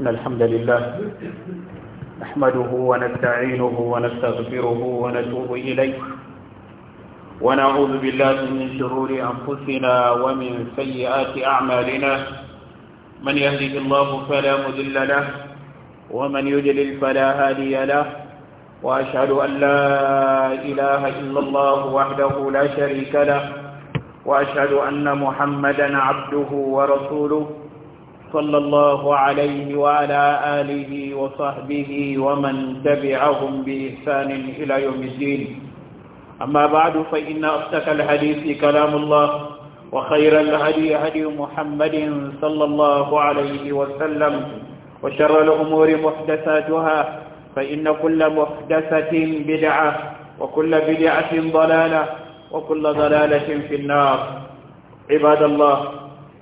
إن الحمد لله نحمده ونستعينه ونستغفره ونتوب إليه ونعوذ بالله من شرور أنفسنا ومن سيئات أعمالنا من يهده الله فلا مذل له ومن يجلل فلا هادي له وأشهد أن لا إله إلا الله وحده لا شريك له وأشهد أن محمدا عبده ورسوله صلى الله عليه وعلى آله وصحبه ومن تبعهم بإحسان إلى يوم الدين أما بعد فإن أصدق الحديث كلام الله وخير الهدي هدي محمد صلى الله عليه وسلم وشر الأمور محدثاتها فإن كل محدثة بدعة وكل بدعة ضلالة وكل ضلالة في النار عباد الله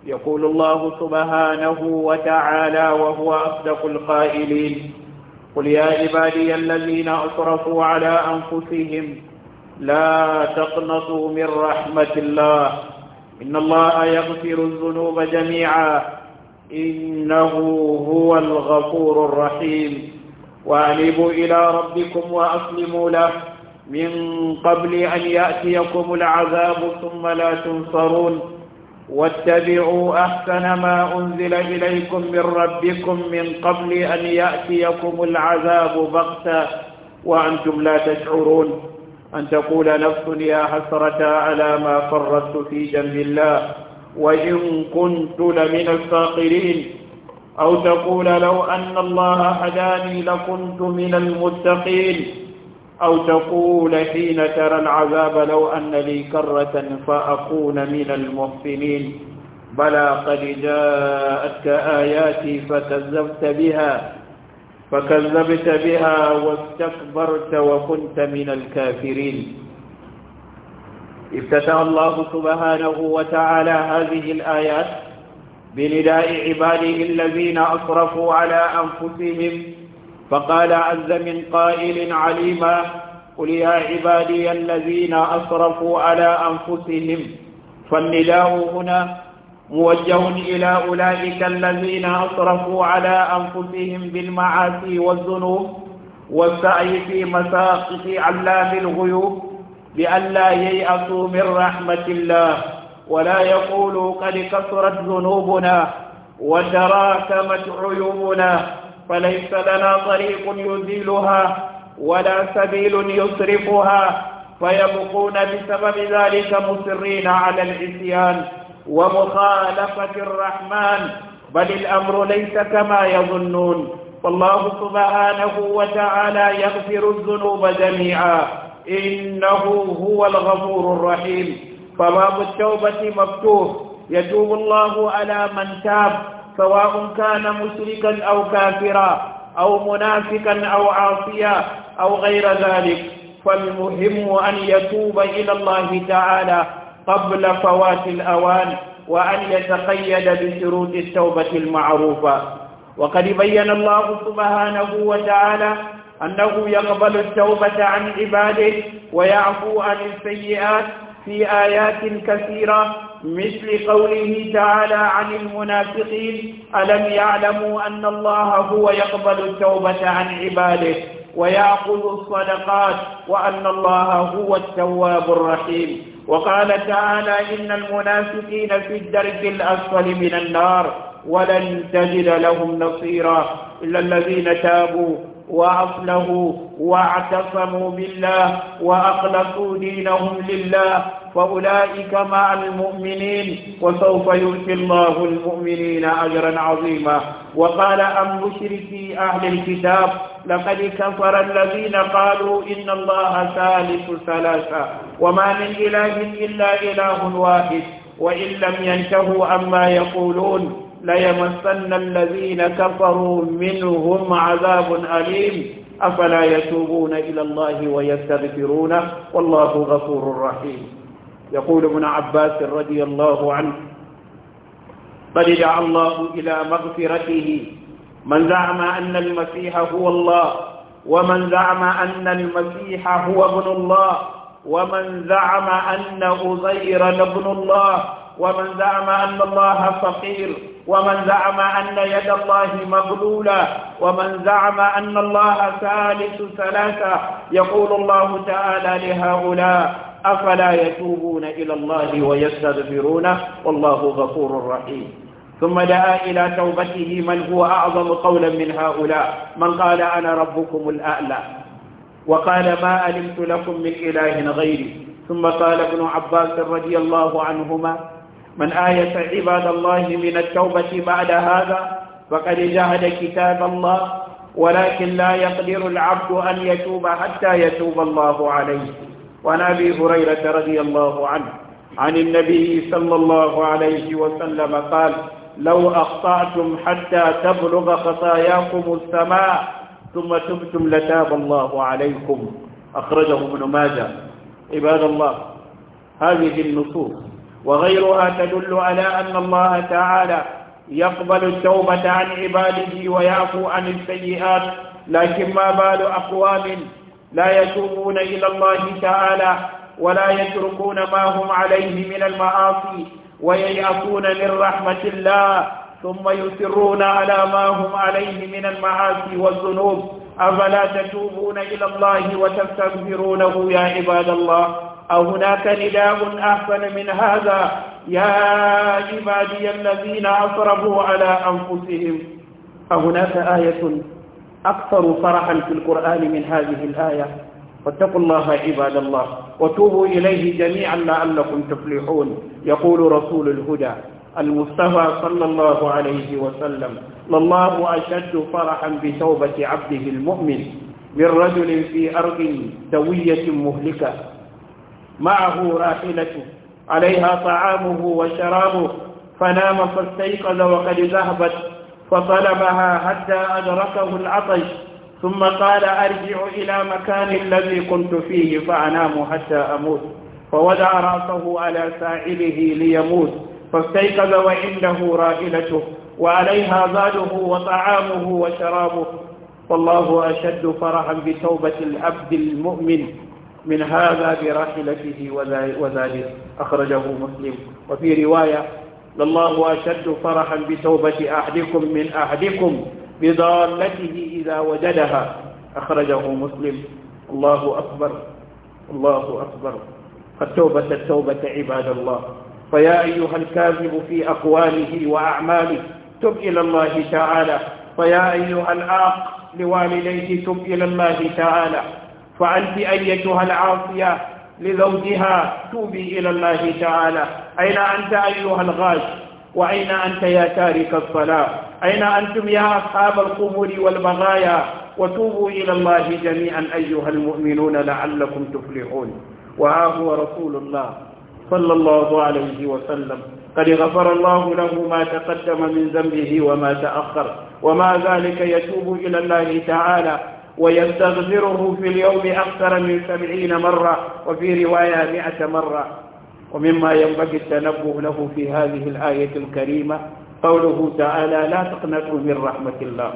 يقول الله سبحانه وتعالى وهو أصدق القائلين قل يا عبادي الذين أسرفوا على أنفسهم لا تقنطوا من رحمة الله إن الله يغفر الذنوب جميعا إنه هو الغفور الرحيم وأنيبوا إلى ربكم وأسلموا له من قبل أن يأتيكم العذاب ثم لا تنصرون واتبعوا أحسن ما أنزل إليكم من ربكم من قبل أن يأتيكم العذاب بغتا وأنتم لا تشعرون أن تقول نفس يا حسرة على ما فرطت في جنب الله وإن كنت لمن الساقرين أو تقول لو أن الله هداني لكنت من المتقين أو تقول حين ترى العذاب لو أن لي كرة فأكون من المحسنين بلى قد جاءتك آياتي فكذبت بها فكذبت بها واستكبرت وكنت من الكافرين افتتح الله سبحانه وتعالى هذه الآيات بنداء عباده الذين أصرفوا على أنفسهم فقال عز من قائل عليما قل يا عبادي الذين أسرفوا على أنفسهم فالنداء هنا موجه إلى أولئك الذين أسرفوا على أنفسهم بالمعاصي والذنوب والسعي في مساقط علام الغيوب لئلا ييأسوا من رحمة الله ولا يقولوا قد كثرت ذنوبنا وتراكمت عيوبنا فليس لنا طريق يزيلها ولا سبيل يصرفها فيبقون بسبب ذلك مصرين على العصيان ومخالفة الرحمن بل الأمر ليس كما يظنون فالله سبحانه وتعالى يغفر الذنوب جميعا إنه هو الغفور الرحيم فباب التوبة مفتوح يتوب الله على من تاب سواء كان مشركا أو كافرا أو منافقا أو عاصيا أو غير ذلك فالمهم أن يتوب إلى الله تعالى قبل فوات الأوان وأن يتقيد بشروط التوبة المعروفة وقد بين الله سبحانه وتعالى أنه يقبل التوبة عن عباده ويعفو عن السيئات في آيات كثيرة مثل قوله تعالى عن المنافقين ألم يعلموا أن الله هو يقبل التوبة عن عباده ويأخذ الصدقات وأن الله هو التواب الرحيم وقال تعالى إن المنافقين في الدرك الأسفل من النار ولن تجد لهم نصيرا إلا الذين تابوا وأفلحوا واعتصموا بالله وأخلصوا دينهم لله فأولئك مع المؤمنين وسوف يؤتي الله المؤمنين أجرا عظيما وقال أم مشركي أهل الكتاب لقد كفر الذين قالوا إن الله ثالث ثلاثة وما من إله إلا إله واحد وإن لم ينتهوا عما يقولون ليمسن الذين كفروا منهم عذاب أليم أفلا يتوبون إلى الله ويستغفرون والله غفور رحيم يقول ابن عباس رضي الله عنه قد دعا الله إلى مغفرته من زعم أن المسيح هو الله ومن زعم أن المسيح هو ابن الله ومن زعم أن أزير ابن الله ومن زعم أن الله فقير ومن زعم أن يد الله مغلولة ومن زعم أن الله ثالث ثلاثة يقول الله تعالى لهؤلاء أفلا يتوبون إلى الله ويستغفرونه والله غفور رحيم ثم دعا إلى توبته من هو أعظم قولا من هؤلاء من قال أنا ربكم الأعلى وقال ما علمت لكم من إله غيري ثم قال ابن عباس رضي الله عنهما من آية عباد الله من التوبة بعد هذا فقد جاهد كتاب الله ولكن لا يقدر العبد أن يتوب حتى يتوب الله عليه وعن أبي هريرة رضي الله عنه عن النبي صلى الله عليه وسلم قال لو أخطأتم حتى تبلغ خطاياكم السماء ثم تبتم لتاب الله عليكم أخرجه ابن ماجه عباد الله هذه النصوص وغيرها تدل على أن الله تعالى يقبل التوبة عن عباده ويعفو عن السيئات لكن ما بال أقوام لا يتوبون إلى الله تعالى ولا يتركون ما هم عليه من المعاصي وييأسون من رحمة الله ثم يصرون على ما هم عليه من المعاصي والذنوب أفلا تتوبون إلى الله وتستغفرونه يا عباد الله أو هناك نداء أحسن من هذا يا عبادي الذين أصرفوا على أنفسهم أو هناك آية أكثر فرحا في القرآن من هذه الآية واتقوا الله عباد الله وتوبوا إليه جميعا لعلكم تفلحون يقول رسول الهدى المصطفى صلى الله عليه وسلم لله أشد فرحا بتوبة عبده المؤمن من رجل في أرض سوية مهلكة معه راحلته عليها طعامه وشرابه فنام فاستيقظ وقد ذهبت فطلبها حتى أدركه العطش ثم قال أرجع إلى مكان الذي كنت فيه فأنام حتى أموت فوضع رأسه على ساعله ليموت فاستيقظ وعنده راحلته وعليها زاده وطعامه وشرابه والله أشد فرحا بتوبة العبد المؤمن من هذا براحلته وذلك أخرجه مسلم وفي رواية لله أشد فرحا بتوبة أحدكم من أحدكم بضالته إذا وجدها أخرجه مسلم الله أكبر الله أكبر فالتوبة التوبة عباد الله فيا أيها الكاذب في أقواله وأعماله تب إلى الله تعالى فيا أيها الآق لوالديه تب إلى الله تعالى فأنت أيتها العاصية لزوجها توبي إلى الله تعالى أين أنت أيها الغاش وأين أنت يا تارك الصلاة أين أنتم يا أصحاب القبور والبغايا وتوبوا إلى الله جميعا أيها المؤمنون لعلكم تفلحون وها هو رسول الله صلى الله عليه وسلم قد غفر الله له ما تقدم من ذنبه وما تأخر وما ذلك يتوب إلى الله تعالى ويستغفره في اليوم أكثر من سبعين مرة وفي رواية مئة مرة ومما ينبغي التنبه له في هذه الآية الكريمة قوله تعالى لا تقنطوا من رحمة الله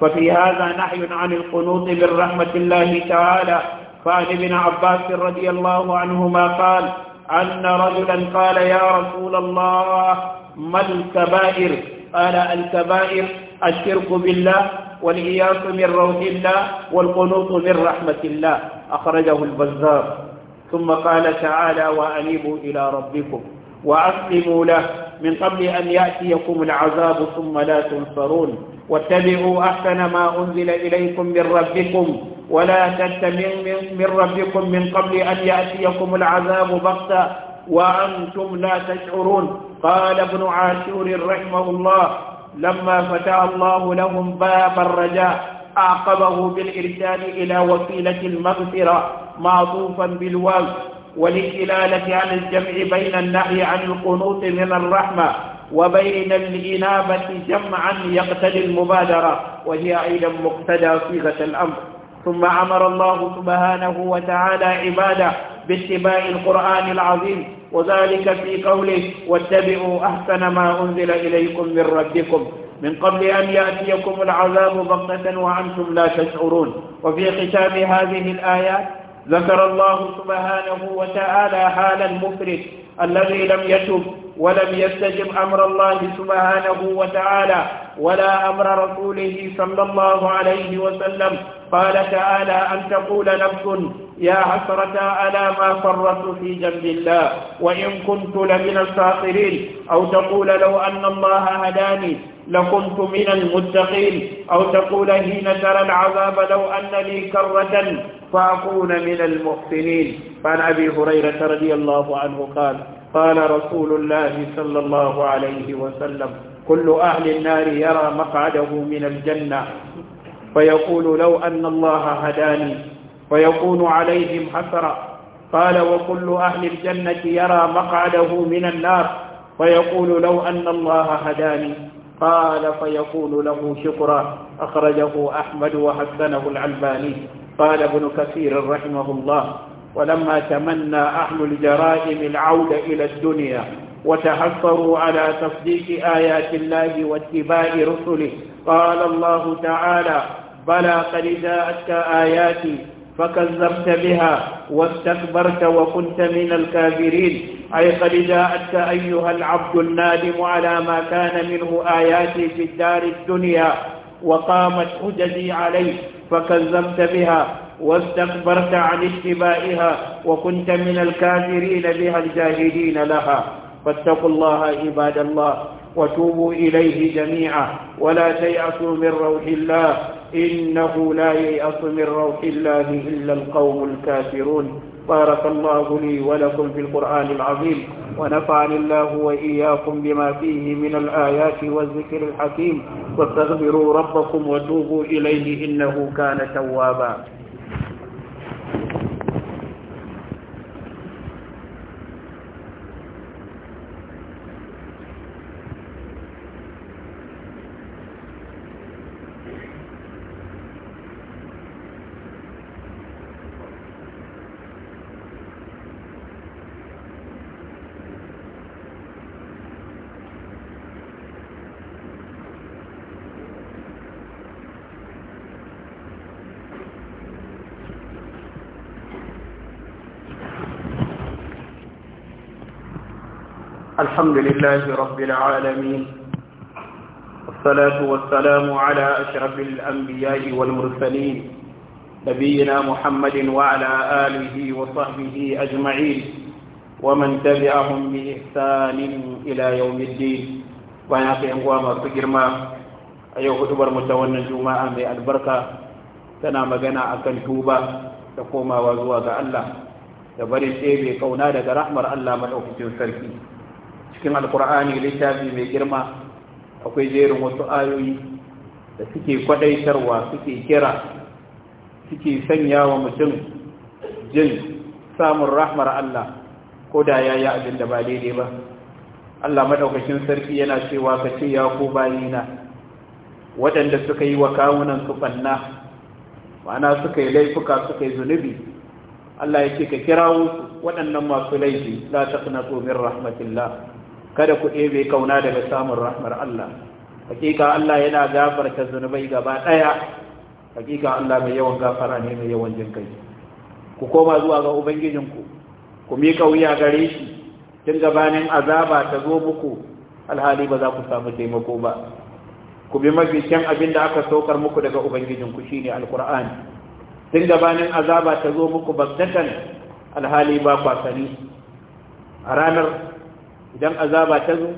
ففي هذا نحي عن القنوط من رحمة الله تعالى فعن ابن عباس رضي الله عنهما قال أن رجلا قال يا رسول الله ما الكبائر قال الكبائر الشرك بالله والإياس من روح الله والقنوط من رحمة الله أخرجه البزار ثم قال تعالى وأنيبوا إلى ربكم وأسلموا له من قبل أن يأتيكم العذاب ثم لا تنصرون واتبعوا أحسن ما أنزل إليكم من ربكم ولا تتبعوا من ربكم من قبل أن يأتيكم العذاب بغتة وأنتم لا تشعرون قال ابن عاشور رحمه الله لما فتح الله لهم باب الرجاء أعقبه بالإرشاد إلى وسيلة المغفرة معطوفا بالواو والإلالة عن الجمع بين النهي عن القنوط من الرحمة وبين الإنابة جمعا يقتدي المبادرة وهي أيضا مقتدى صيغة الأمر ثم أمر الله سبحانه وتعالى عباده باتباع القرآن العظيم وذلك في قوله واتبعوا أحسن ما أنزل إليكم من ربكم من قبل أن يأتيكم العذاب بغتة وأنتم لا تشعرون وفي ختام هذه الآيات ذكر الله سبحانه وتعالى حال المفرد الذي لم يتب ولم يستجب أمر الله سبحانه وتعالى ولا أمر رسوله صلى الله عليه وسلم قال تعالى أن تقول نفس يا حسرة على ما فرطت في جنب الله وإن كنت لمن الساخرين أو تقول لو أن الله هداني لكنت من المتقين أو تقول حين ترى العذاب لو أن لي كرة فأكون من المحسنين فعن أبي هريرة رضي الله عنه قال قال رسول الله صلى الله عليه وسلم كل أهل النار يرى مقعده من الجنة فيقول لو أن الله هداني ويكون عليهم حسرة قال وكل أهل الجنة يرى مقعده من النار فيقول لو أن الله هداني قال فيكون له شكرا أخرجه أحمد وحسنه العلباني قال ابن كثير رحمه الله ولما تمنى أهل الجرائم العودة إلى الدنيا وتحصروا على تصديق آيات الله واتباع رسله قال الله تعالى بلى قد جاءتك آياتي فكذبت بها واستكبرت وكنت من الكافرين أي قد جاءتك أيها العبد النادم على ما كان منه آياتي في الدار الدنيا وقامت حججي عليه فكذبت بها واستكبرت عن اتباعها وكنت من الكافرين بها الجاهدين لها فاتقوا الله عباد الله وتوبوا إليه جميعا ولا تيأسوا من روح الله إنه لا ييأس من روح الله إلا القوم الكافرون بارك الله لي ولكم في القرآن العظيم ونفعني الله وإياكم بما فيه من الآيات والذكر الحكيم واستغفروا ربكم وتوبوا إليه إنه كان توابا الحمد لله رب العالمين والصلاة والسلام على أشرف الأنبياء والمرسلين نبينا محمد وعلى آله وصحبه أجمعين ومن تبعهم بإحسان إلى يوم الدين وينقي أنقوام فجرما أيها أكبر متونا جماعة بالبركة تنا مجانا أكن توبة تقوم وزوى الله da barin ɗebe kauna daga rahmar Allah maɗaukacin sarki cikin alkur'ani littafi mai girma akwai jerin wasu ayoyi da suke kwadaitarwa suke kira suke sanya wa mutum jin samun rahmar Allah ko da ya yi abin da ba daidai ba Allah maɗaukacin sarki yana cewa ka ce ya ku bayina waɗanda suka yi wa kawunan su ɓanna ma'ana suka yi laifuka suka yi zunubi Allah ya ce ka kirawo waɗannan masu laifi la taqnatu min rahmatillah kada ku ɗebe kauna daga samun rahmar Allah hakika Allah yana gafarta zunubai gaba ɗaya hakika Allah mai yawan gafara ne mai yawan jin kai ku koma zuwa ga ubangijinku ku miƙa wuya gare shi tun gabanin azaba ta zo muku alhali ba za ku samu taimako ba ku bi mafi kyan abin da aka saukar muku daga ubangijinku shine alkur'ani tun gabanin azaba ta zo muku baktatan alhali ba kwasani a ranar idan azaba ta zo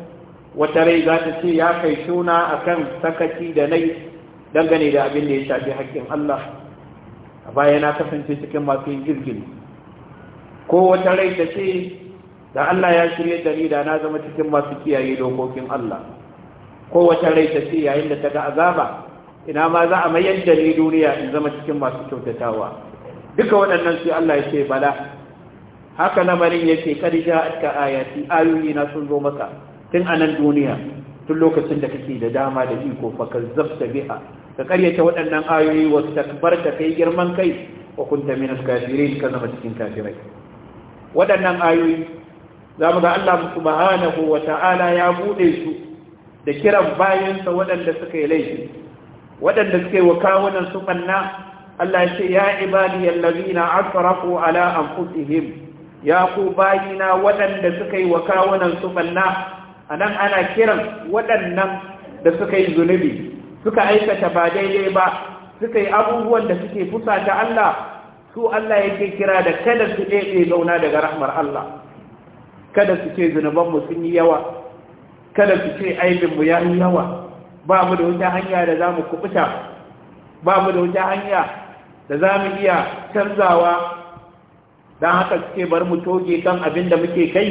wata rai za ta ce ya kai suna a kan sakaci da nai dangane da abin da ya shafi haƙƙin Allah a baya na kasance cikin masu yin girgin ko wata rai ta ce da Allah ya shirye da ni da na zama cikin masu kiyaye dokokin Allah ko wata rai ta ce yayin da ta ga azaba ina ma za a mayar da ni duniya in zama cikin masu kyautatawa duka waɗannan sai Allah ya ce bala haka lamarin yake kad ja'atka ayati ayoyi na sun zo maka tun a nan duniya tun lokacin da kake da dama da iko fa kazzabta biha ka karyata waɗannan ayoyi wa takbarta kai girman kai wa kunta min al-kafirin ka zama cikin kafirai waɗannan ayoyi za mu ga Allah subhanahu wa ta'ala ya bude su da kiran bayansa waɗanda suka yi laifi waɗanda suka yi wa kawunan su banna Allah ya ce ya ibadi allazina asrafu ala anfusihim ya ku bayina waɗanda suka yi wa kawunan su ɓanna a nan ana kiran waɗannan da suka yi zunubi suka aikata ba daidai ba suka yi abubuwan da suke fusa ta Allah su Allah yake kira da kada su ɗaiɗe zauna daga rahmar Allah kada su ce zunubanmu sun yi yawa kada su ce aibinmu ya yi yawa ba mu da wata hanya da za mu kuɓuta ba mu da wata hanya da za mu iya canzawa don haka suke bar mu toge kan abin da muke kai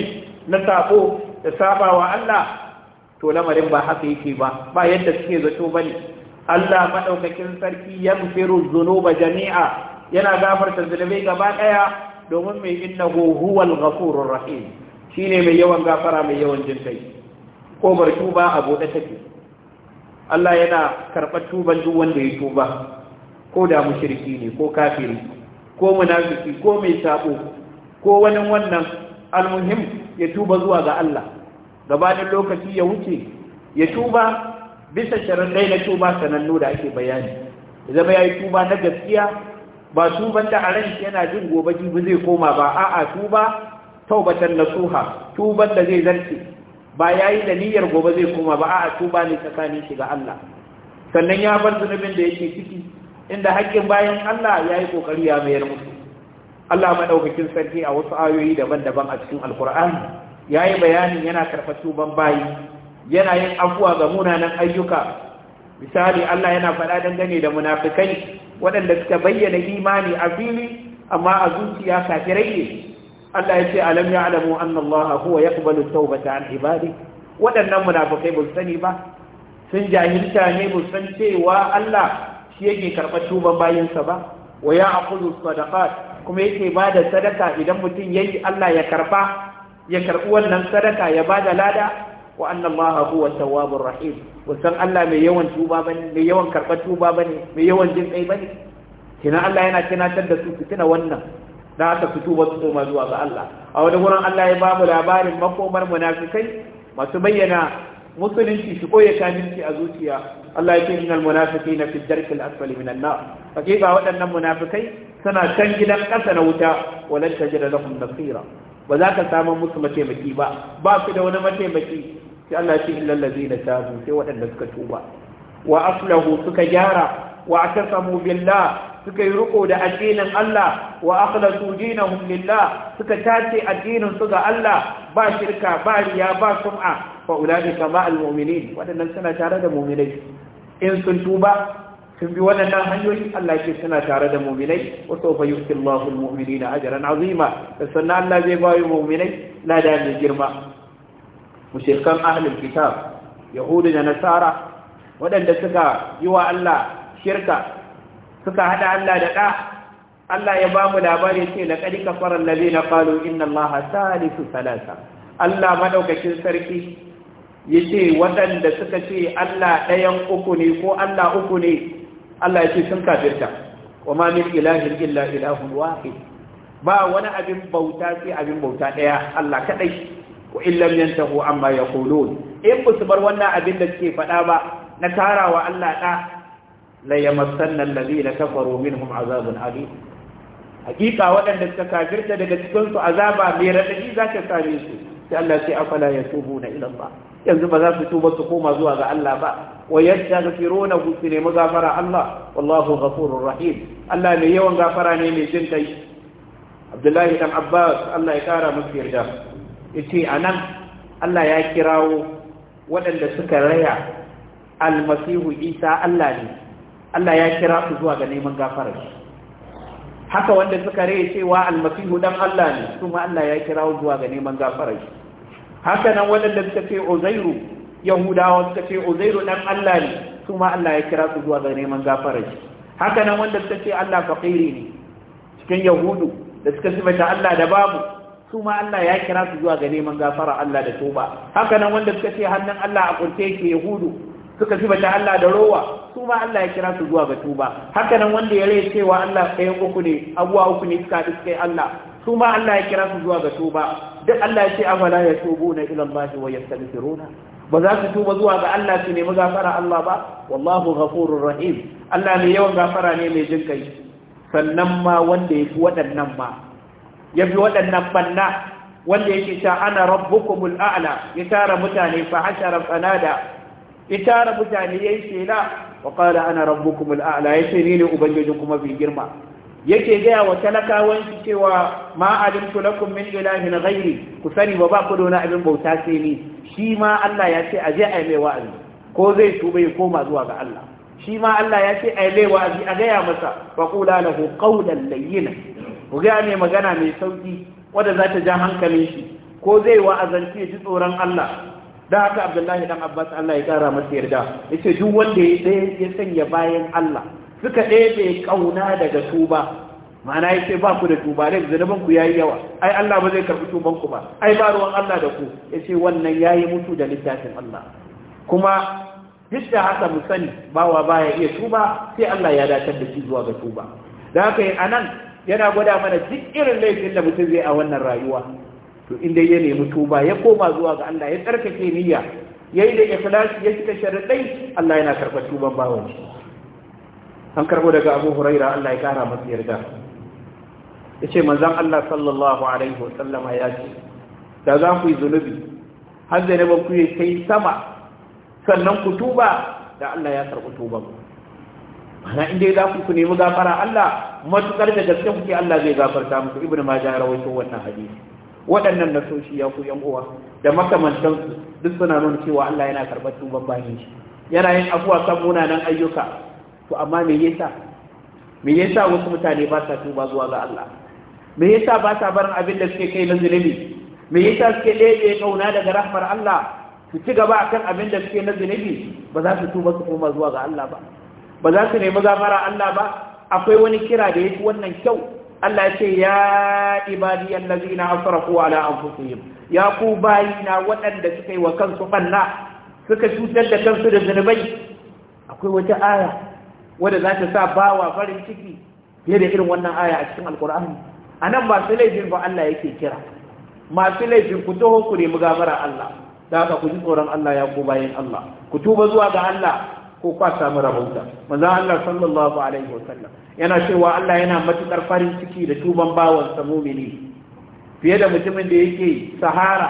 na sako da sabawa Allah to lamarin ba haka yake ba ba yadda suke zato bane Allah maɗaukakin sarki ya mufiru zunuba jami'a yana gafarta zunubai gaba daya domin mai inna huwal ghafurur rahim shine mai yawan gafara mai yawan jin kai ko bar tuba a bude take Allah yana karɓar tuban duk wanda ya tuba ko da mushriki ne ko kafiri ko munafiki ko mai sabo ko wani wannan almuhim ya tuba zuwa ga Allah gabanin lokaci ya wuce ya tuba bisa sharaɗai na tuba sanannu da ake bayani zama ya yi tuba na gaskiya ba tuban da a ran yana jin gobe jibi zai koma ba a'a tuba taubatan nasuha tuban da zai zarce ba yayi da niyyar gobe zai koma ba a'a tuba ne tsakanin shi ga Allah sannan ya bar zunubin da yake ciki inda haƙƙin bayan Allah ya yi ƙoƙari ya mayar musu Allah maɗaukakin sarki a wasu ayoyi daban-daban a cikin alkur'ani ya yi bayanin yana karɓar ban bayi yana yin afuwa ga munanan ayyuka misali Allah yana faɗa dangane da munafikai waɗanda suka bayyana imani a fili amma a zuciya kafi rage. Allah ya ce alam ya alamu anna Allah huwa yaqbalu tawbata an ibadi waɗannan munafikai ba su sani ba sun jahilta ne ba san cewa Allah shi yake karɓar tuban bayansa ba wa ya aqulu sadaqat kuma yake bada sadaka idan mutum yayi Allah ya karba ya karɓi wannan sadaka ya bada lada wa annallaha huwa tawwabur rahim san Allah mai yawan tuba bane mai yawan karɓar tuba bane mai yawan jin kai bane kina Allah yana tunatar da su su tuna wannan da haka su tuba su koma zuwa ga Allah a wani gurin Allah ya bamu labarin makomar munafikai masu bayyana musulunci shi koya kaminci a zuciya Allah ya ce innal munafiqina fi ddarkil asfali minan nar hakika waɗannan munafikai suna can gidan ƙasa na wuta walan tajida lahum nasira ba za ka samu musu mataimaki ba ba su da wani mataimaki sai Allah ya ce illal ladina tabu sai waɗanda suka tuba wa aslahu suka gyara wa atasamu billah suka yi riko da addinin Allah wa akhlasu dinahum lillah suka tace addinin su ga Allah ba shirka ba riya ba sum'a fa kama ma'al mu'minin wadannan suna tare da mu'minai in sun tuba sun bi wadannan hanyoyi Allah ke suna tare da mu'minai wa sawfa yu'ti Allahu al-mu'minina ajran 'azima sannan Allah zai ba mu'minai lada mai girma mushrikan ahlul kitab yahudu da nasara waɗanda suka yi wa Allah shirka suka haɗa Allah da ɗa Allah ya ba mu labari ce na ƙari kafarar lalina ƙalu inna Allah salisu salasa Allah maɗaukacin sarki yace waɗanda suka ce Allah ɗayan uku ne ko Allah uku ne Allah ya ce sun kafirta wama min ilahin illa ilahun wahid ba wani abin bauta sai abin bauta ɗaya Allah kadai wa illam yantahu amma yaqulun in su bar wannan abin da suke faɗa ba na tarawa Allah da la yamassanna alladhina kafaru minhum azabun alim hakika waɗanda suka kafirta daga cikin su azaba mai radadi za same su sai Allah sai afala yatubuna ila Allah yanzu ba za su tuba su koma zuwa ga Allah ba wa yadda yastaghfiruna hu su nemi gafara Allah wallahu ghafurur rahim Allah mai yawan gafara ne mai jin kai Abdullahi dan Abbas Allah ya kara musu yarda yace anan Allah ya kirawo waɗanda suka raya almasihu Isa Allah ne Allah ya kira su zuwa ga neman gafarar haka wanda suka raya cewa almasihu dan Allah ne kuma Allah ya kirawo zuwa ga neman gafarar shi haka nan waɗanda suka ce uzairu yahudawa suka ce uzairu ɗan Allah ne su ma Allah ya kira su zuwa ga neman gafarar shi haka nan wanda suka ce Allah faƙiri ne cikin yahudu da suka sifata Allah da babu su ma Allah ya kira su zuwa ga neman gafara Allah da toba haka nan wanda suka ce hannun Allah a kurce yake yahudu suka sifata Allah da rowa su ma Allah ya kira su zuwa ga tuba haka nan wanda ya rai cewa Allah ɗaya uku ne abuwa uku ne suka haɗu suka yi Allah su ma Allah ya kira su zuwa ga tuba duk Allah ya ce afala ya tubu na ila Allah wa yastaghfiruna ba za su tuba zuwa ga Allah su nemi gafara Allah ba wallahu ghafurur rahim Allah ne yawan gafara ne mai jin kai sannan ma wanda yafi waɗannan ma yafi waɗannan banna wanda yake ta ana rabbukumul a'la ya tara mutane fa hashara fanada ya tara mutane yayi shela wa qala ana rabbukumul a'la yace ni ne ubangijinku mafi girma yake gaya wa talakawan shi cewa ma'adin alimtu lakum min ilahin ghairi ku sani ba ba ku da abin bauta sai ni shi ma Allah ya ce aje ai mai wa'azi ko zai tuba ya koma zuwa ga Allah shi ma Allah ya ce ai mai wa'azi a gaya masa fa qula lahu qawlan layyina ku ga mai magana mai sauki wanda za ta ja hankalin shi ko zai wa'azanci ji tsoron Allah da haka Abdullahi dan Abbas Allah ya kara masa yarda yace duk wanda ya sanya bayan Allah suka ɗebe ƙauna daga tuba ma'ana ya ce ba ku da tuba ne zunuban ku yi yawa ai Allah ba zai karɓi tuban ku ba ai ba ruwan Allah da ku ya ce wannan yayi mutu da littafin Allah kuma duk da haka mu sani bawa baya iya tuba sai Allah ya datar da shi zuwa ga tuba da haka a nan yana gwada mana duk irin laifin da mutum zai a wannan rayuwa to in inda ya nemi tuba ya koma zuwa ga Allah ya tsarkake niyya yayi da ikhlasi ya cika sharadai Allah yana karɓar tuban bawan shi an karbo daga abu huraira Allah ya kara masu yarda ya ce manzan Allah sallallahu alaihi wasallama ya ce da za ku yi zunubi har zai ba ku yi kai sama sannan ku tuba da Allah ya tuba. tuban mana inda za ku nemi gafara Allah matukar da gaske kuke Allah zai gafarta musu, ibn maja rawaito wannan hadisi waɗannan nasoshi ya ku yan uwa da makamantansu duk suna nuna cewa Allah yana karɓar tuban bayan shi yana yin abuwa kan munanan ayyuka to amma me yasa me yasa wasu mutane ba sa tuba zuwa ga Allah me yasa ba sa barin abin da suke kai na zunubi me yasa suke ɗebe kauna daga rahmar Allah su ci gaba akan abin da suke na zunubi ba za su tuba su koma zuwa ga Allah ba ba za su nemi gafara Allah ba akwai wani kira da yake wannan kyau Allah ce ya ibadi allazina asrafu ala anfusihim ya ku bayina waɗanda suka yi wa kansu banna suka cutar da kansu da zunubai akwai wata aya wadda za ta sa bawa farin ciki fiye da irin wannan aya a cikin alkur'ani a nan masu laifin ba Allah yake kira masu laifin ku taho ku nemi gamara Allah da haka ku ji tsoron Allah ya ku bayan Allah ku tuba zuwa ga Allah ko kwa samu rahota manzo Allah sallallahu alaihi wa sallam. yana cewa Allah yana matukar farin ciki da tuban bawan sa mu'mini fiye da mutumin da yake sahara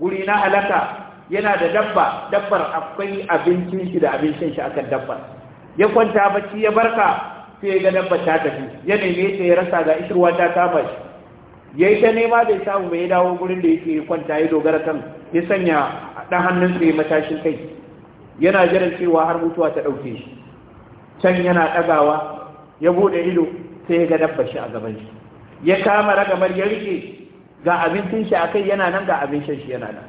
guri na halaka yana da dabba dabbar akwai abincin shi da abincin shi akan dabbar ya kwanta bacci ya barka sai ga dabba ta tafi ya neme ta ya rasa ga ishirwa ta kama shi ya yi ta nema da ya samu mai dawo gurin da yake kwanta ya dogara kan ya sanya ɗan hannun ya matashin kai yana jiran cewa har mutuwa ta ɗauke shi can yana ɗagawa ya buɗe ido sai ya ga dabba shi a gaban shi ya kama ragamar ya rike ga abincin shi akai yana nan ga abincin shi yana nan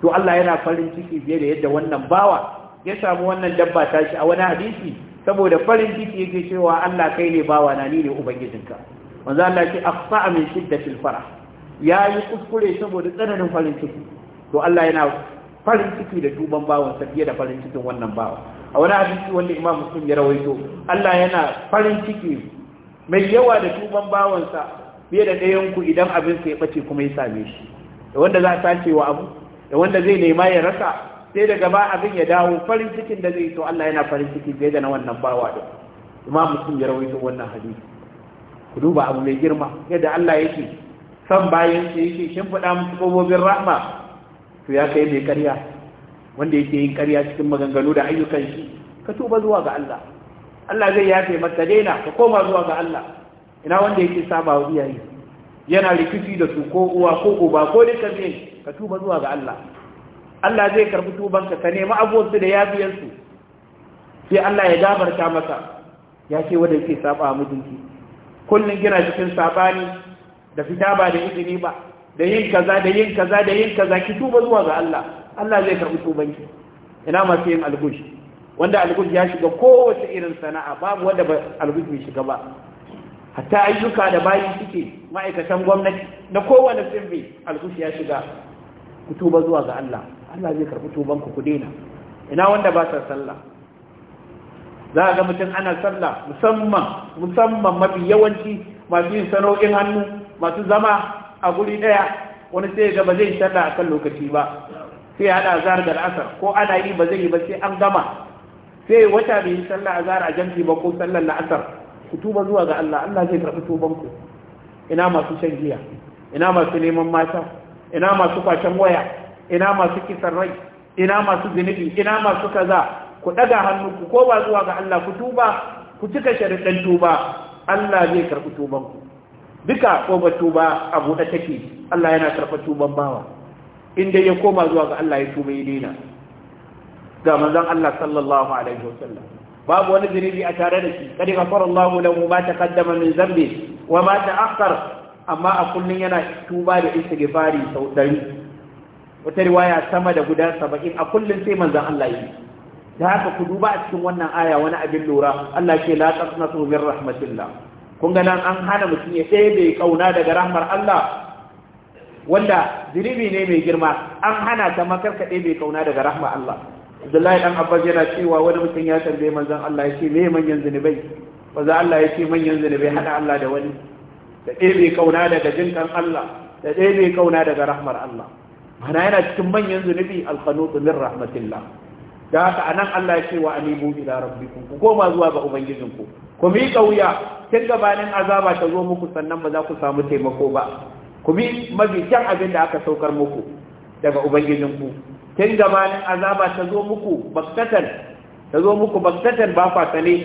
to Allah yana farin ciki fiye da yadda wannan bawa ya samu wannan dabba tashi a wani hadisi saboda farin ciki yake cewa Allah kai ne bawa na ni ne ubangijinka wanzu Allah ce akhfa min shiddatil farah yi kuskure saboda tsananin farin ciki to Allah yana farin ciki da duban bawan sa fiye da farin cikin wannan bawa a wani hadisi wanda Imam Muslim ya rawaito Allah yana farin ciki mai yawa da duban bawan sa fiye da ɗayan ku idan abin sa ya bace kuma ya same shi da wanda za ta sace wa abu da wanda zai nema ya rasa sai daga ba abin ya dawo farin cikin da zai to Allah yana farin ciki zai da na wannan bawa da kuma mutum ya rawaito wannan hadisi ku duba abu mai girma yadda Allah yake san bayan sai yake shin fada musu kobobin rahma to ya kai mai ƙarya wanda yake yin ƙarya cikin maganganu da ayyukan shi ka tuba zuwa ga Allah Allah zai yafe maka daina ka koma zuwa ga Allah ina wanda yake saba wa iyaye yana rikici da su ko uwa ko uba ko dukkan ka tuba zuwa ga Allah Allah zai karbi tubanka ka nemi abuwansu da ya biyansu sai Allah ya gabarta maka ya ce wadda yake saba mijinki kullun kina cikin sabani da fita ba da izini ba da yin kaza da yin kaza da yin kaza ki tuba zuwa ga Allah Allah zai karbi tubanki ina masu yin algush wanda algush ya shiga kowace irin sana'a babu wanda algush bai shiga ba hatta ayyuka da bayi suke ma'aikatan gwamnati na kowane sirri algush ya shiga ku tuba zuwa ga Allah Allah zai karɓi tuban ku ku daina ina wanda ba ta sallah za a ga mutum ana sallah musamman musamman mafi yawanci masu yin sana'o'in hannu masu zama a guri ɗaya wani sai ga ba zai sallah a kan lokaci ba sai ya haɗa azhar da asar ko ana yi ba zai yi ba sai an gama sai wata bai yi sallah azhar a jam'i ba ko sallar asar ku tuba zuwa ga Allah Allah zai karɓi tuban ku ina masu shan giya ina masu neman mata ina masu kwashen waya ina masu kisan rai ina masu zunubi ina masu kaza ku daga hannu ku koma zuwa ga Allah ku tuba ku cika sharadan tuba Allah zai karɓi tubanku. ku duka kofar tuba a buɗe take Allah yana karɓar tuban bawa inda ya koma zuwa ga Allah ya tuba ya daina ga manzon Allah sallallahu alaihi wasallam babu wani zunubi a tare da shi kada gafara Allah lahu ma taqaddama min zambi wa ma ta'akhkhar amma a kullun yana tuba da istighfari sau dari wata riwaya sama da guda saba'in a kullum sai manzan Allah yi da haka ku duba a cikin wannan aya wani abin lura Allah ce la taqnatu min rahmatillah kun ga nan an hana mutum ya ɗebe kauna daga rahmar Allah wanda ziribi ne mai girma an hana ta makar ka ɗebe kauna daga rahmar Allah Abdullahi dan Abbas yana cewa wani mutum ya tambaye manzan Allah ya ce me manyan zunubai manzon Allah ya ce manyan zunubai hada Allah da wani da ɗebe kauna daga jinkan Allah da ɗebe kauna daga rahmar Allah mana yana cikin manyan zunubi alqanutu min rahmatillah da haka anan Allah ya ce wa anibu ila rabbikum ku koma zuwa ga ubangijinku ku bi kauya tun gabanin azaba ta zo muku sannan ba za ku samu taimako ba ku bi mabikin abin da aka saukar muku daga ku tun gabanin azaba ta zo muku baktatan ta zo muku baktatan ba fatane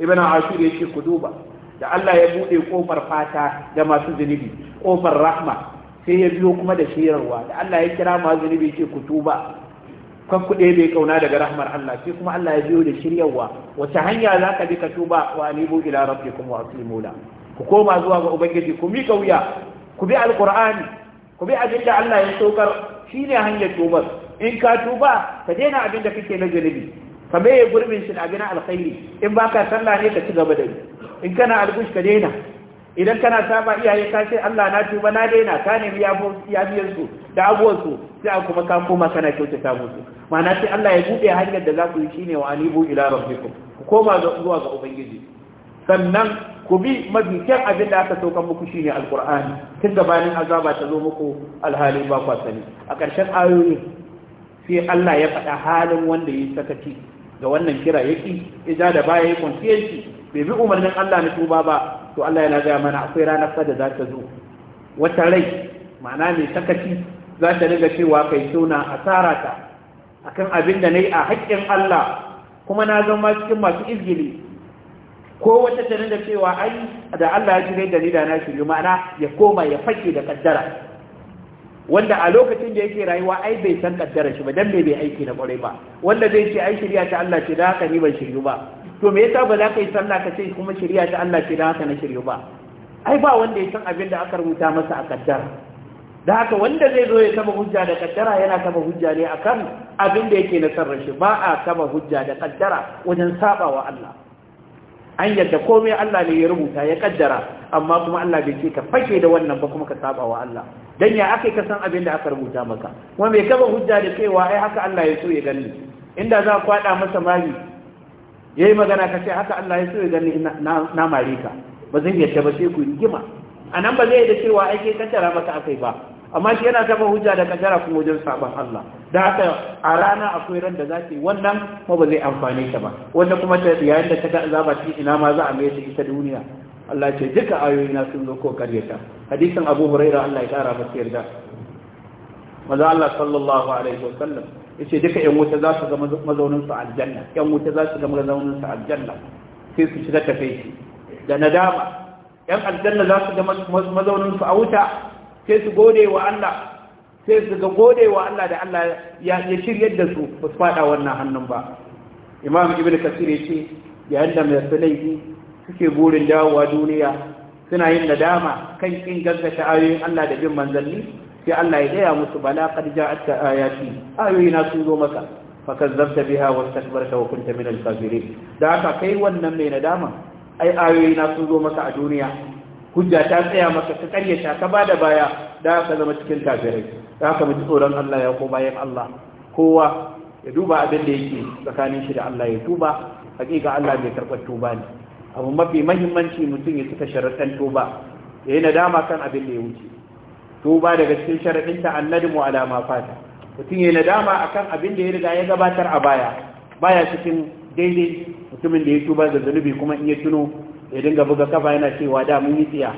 ibn ashur ya ce ku duba da Allah ya bude kofar fata ga masu zunubi kofar rahma sai ya biyo kuma da shirarwa da Allah ya kira ma zunubi ce ku tuba kan kuɗe bai kauna daga rahmar Allah sai kuma Allah ya biyo da shiryarwa wace hanya za ka bi ka tuba wa alibu ila rabbikum wa aslimu la ku koma zuwa ga ubangiji ku mika wuya ku bi alqur'ani ku bi abin da Allah ya saukar shine hanyar tubar in ka tuba ka daina abin da kake na zunubi ka maye gurbin shi da abin alkhairi in baka sallah ne ka ci gaba da in kana algush ka daina idan kana saba iyaye ka ce Allah na tuba na daina ka nemi ya biyan su da abuwan su sai an kuma ka koma kana kyautata musu ma'ana sai Allah ya buɗe hanyar da za ku yi shine wa anibu ila rabbikum ku koma zuwa ga ubangiji sannan ku bi mafi kyan abin da aka saukan muku shine alqur'ani tun gabanin azaba ta zo muku alhali ba ku sani a ƙarshen ayoyin sai Allah ya faɗa halin wanda ya sakaci ga wannan kira yaki ija da baya ya kwanciyar shi bai bi umarnin Allah na tuba ba to Allah yana gaya mana akwai ranar fada da za ta zo wata rai ma'ana mai sakaci za ta riga cewa kai tona asara ta akan abin da nayi a haƙƙin Allah kuma na zama cikin masu izgili ko wata ta ringa cewa ai da Allah ya shirya da ni da na shirye ma'ana ya koma ya fake da kaddara wanda a lokacin da yake rayuwa ai bai san kaddara shi ba dan me bai aiki na kwarai ba wanda zai ce ai shirya ta Allah ce da haka ni ban shiryu ba to me yasa ba za ka yi sallah ka ce kuma shirya ta Allah ce da haka na shirya ba ai ba wanda ya san abin da aka rubuta masa a kaddara da haka wanda zai zo ya kama hujja da kaddara yana kama hujja ne akan abin da yake na shi. ba a kama hujja da kaddara wajen saba wa Allah an yadda komai Allah ne ya rubuta ya kaddara amma kuma Allah bai ce ka fake da wannan ba kuma ka saba wa Allah dan ya akai ka san abin da aka rubuta maka kuma mai kama hujja da cewa ai haka Allah ya so ya gani inda za ka kwada masa mali ya yi magana ka ce haka Allah ya so ya gani na mare ka ba zan yadda ba sai ku rigima nan ba zai yi da cewa ake kaddara maka akai ba amma shi yana taba hujja da kaddara kuma wajen sabon Allah da haka a rana akwai ran da yi wannan kuma ba zai amfane ta ba wanda kuma ta yayin da ga azaba ci ina ma za a mai ta ita duniya Allah ya ce duka ayoyi na sun zo ko karyata hadisin Abu Hurairah Allah ya kara masa yarda maza Allah sallallahu alaihi wasallam ce duka yan wuta za su ga mazaunin su aljanna yan wuta za su ga mazaunin su aljanna sai su shiga tafeci da nadama yan aljanna za su ga mazaunin su a wuta sai su gode wa Allah sai su ga gode wa Allah da Allah ya shirya da su ba su fada wannan hannun ba imam ibnu kasir yace yayin da mai sulaihi suke burin dawowa duniya suna yin nadama kan kin gaggata ayoyin Allah da bin manzanni sai Allah ya gaya musu bala qad ja'atka ayati ayoyina sun zo maka fakazzabta biha wastakbarta wa kunta minal kafirin da haka kai wannan mai nadama ai ayoyina sun zo maka a duniya hujja ta tsaya maka ta karyata ka bada baya da haka zama cikin kafirai da haka mu tsoron Allah ya ko bayan Allah kowa ya duba abin da yake tsakanin shi da Allah ya tuba hakika Allah bai karɓar tuba ne abu mafi mahimmanci mutum ya cika sharaɗan tuba ya yi nadama kan abin da ya wuce tuba daga cikin sharaɗinta ta mu ala ma fata mutum ya nadama akan abin da ya riga ya gabatar a baya baya cikin daidai mutumin da ya tuba da zunubi kuma in ya tuno ya dinga buga kafa yana cewa da mun yi tsiya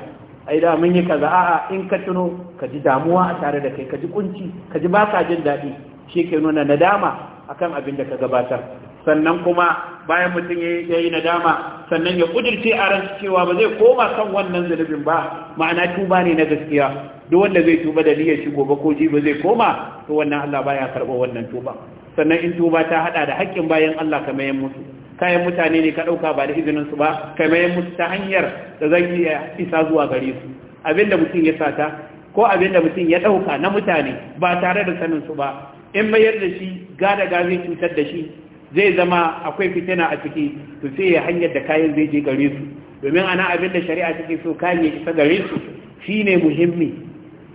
ai da mun yi kaza a'a in ka tuno ka ji damuwa a tare da kai ka ji kunci ka ji ka jin daɗi shi ke nuna nadama akan abin da ka gabatar sannan kuma bayan mutum ya yi nadama sannan ya kudirce a ran cewa ba zai koma kan wannan zunubin ba ma'ana tuba ne na gaskiya duk wanda zai tuba da niyyar shi gobe ko ji ba zai koma to wannan Allah baya karɓo wannan tuba sannan in tuba ta haɗa da haƙƙin bayan Allah kamar yan mutu kayan mutane ne ka ɗauka ba da izinin su ba ka yan mutu ta hanyar da zan iya isa zuwa gare su Abin da mutum ya sata ko abin da mutum ya ɗauka na mutane ba tare da sanin su ba in mayar da shi gada ga zai cutar da shi zai zama akwai fitina a ciki to sai ya hanyar da kayan zai je gare su domin ana abin da shari'a take so kayan ya isa gare su shine muhimmi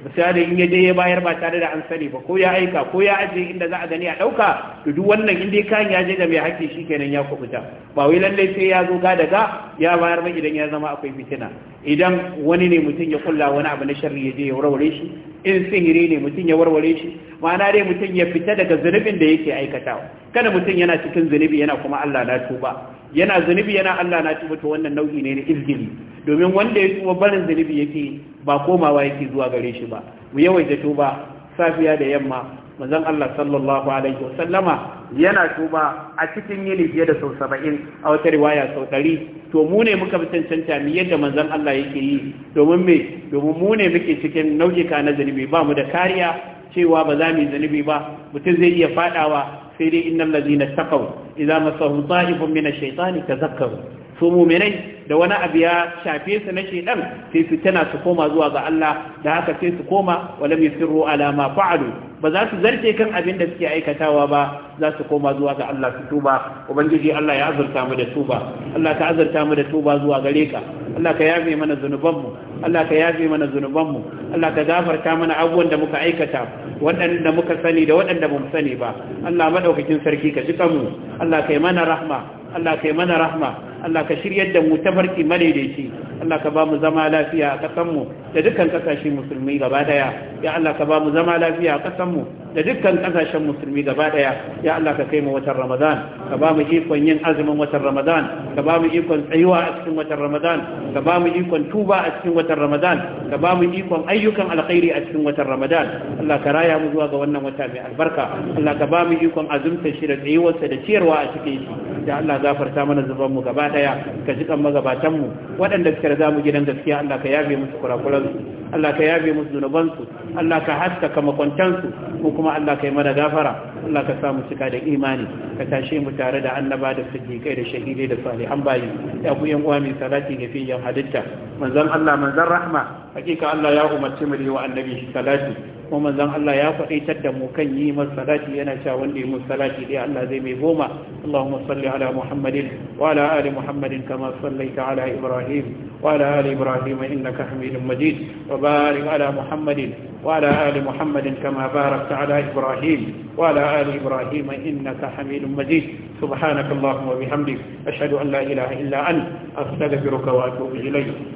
misali in ya je ya bayar ba tare da an sani ba ko ya aika ko ya aje inda za a gani a ɗauka to duk wannan in dai kayan ya je ga mai haƙƙi shikenan ya kubuta ba wai lallai sai ya zo ga daga ya bayar ba idan ya zama akwai fitina idan wani ne mutum ya kulla wani abu na sharri ya je ya raure shi in sihiri ne mutum ya warware shi ma'ana dai mutum ya fita daga zunubin da yake aikatawa kada mutum yana cikin zunubi yana kuma Allah na tuba yana zunubi yana Allah na tuba to wannan nau'i ne na izgili domin wanda ya tuba barin zunubi yake ba komawa yake zuwa gare shi ba mu yawaita tuba safiya da yamma manzon Allah sallallahu alaihi wasallama yana tuba a cikin yini fiye da sau saba'in a wata riwaya sau ɗari to mu ne muka fi cancanta mu yadda manzon Allah yake yi domin me domin mu ne muke cikin nau'ika na zunubi ba mu da kariya cewa ba za mu yi zunubi ba mutum zai iya faɗawa sai dai innal ladzina taqaw idza masahum ta'ifun min ash-shaytani tazakkaru su muminai da wani abu ya shafe su na shedan sai su tana su koma zuwa ga Allah da haka sai su koma wala mai sirru ala ma fa'alu ba za su zarce kan abin da suke aikatawa ba za su koma zuwa ga Allah su tuba ubangiji Allah ya azurta mu da tuba Allah ka azurta mu da tuba zuwa gare ka Allah ka yafe mana zunuban mu. Allah ka yafe mana zunuban mu. Allah ka gafarta mana abubuwan da muka aikata waɗanda muka sani da waɗanda ba mu sani ba Allah madaukakin sarki ka jika mu Allah kai mana rahma Allah ka yi mana rahma Allah ka shiryar da mu tafarki madaidaici Allah ka ba mu zama lafiya a kasan da dukkan kasashe musulmi gaba daya ya Allah ka ba mu zama lafiya a kasan da dukkan ƙasashen musulmi gaba daya ya Allah ka kai mu watan Ramadan ka ba mu ikon yin azumin watan Ramadan ka ba mu ikon tsayuwa a cikin watan Ramadan ka ba mu ikon tuba a cikin watan Ramadan ka ba mu ikon ayyukan alkhairi a cikin watan Ramadan Allah ka raya mu zuwa ga wannan wata mai albarka Allah ka ba mu ikon azumta shi da tsayuwarsa da ciyarwa a cikin shi da Allah gafarta mana zuban mu gaba daya ka ji kan magabatan mu waɗanda suka riga mu gidan gaskiya Allah ka yabe musu kurakuran su Allah ka yabe musu zunuban su Allah ka haskaka makwantan su ko kuma Allah ka yi mana gafara Allah ka sa mu cika da imani ka tashe mu tare da annaba da siddiqai da shahidai da salihan bayi ya ku yan uwa mai salati ga fiyan halitta manzon Allah manzon rahma hakika Allah ya umarci mu da yi wa annabi salati kuma manzon Allah ya faɗaitar da mu kan yi masa salati yana cewa wanda ya mun salati dai Allah zai mai goma Allahumma salli ala Muhammadin wa ala ali Muhammadin kama sallaita ala Ibrahim wa ala ali Ibrahim innaka Hamidum Majid wa barik ala Muhammadin وعلى آل محمد كما باركت على إبراهيم وعلى آل إبراهيم إنك حميد مجيد سبحانك اللهم وبحمدك أشهد أن لا إله إلا أنت أستغفرك وأتوب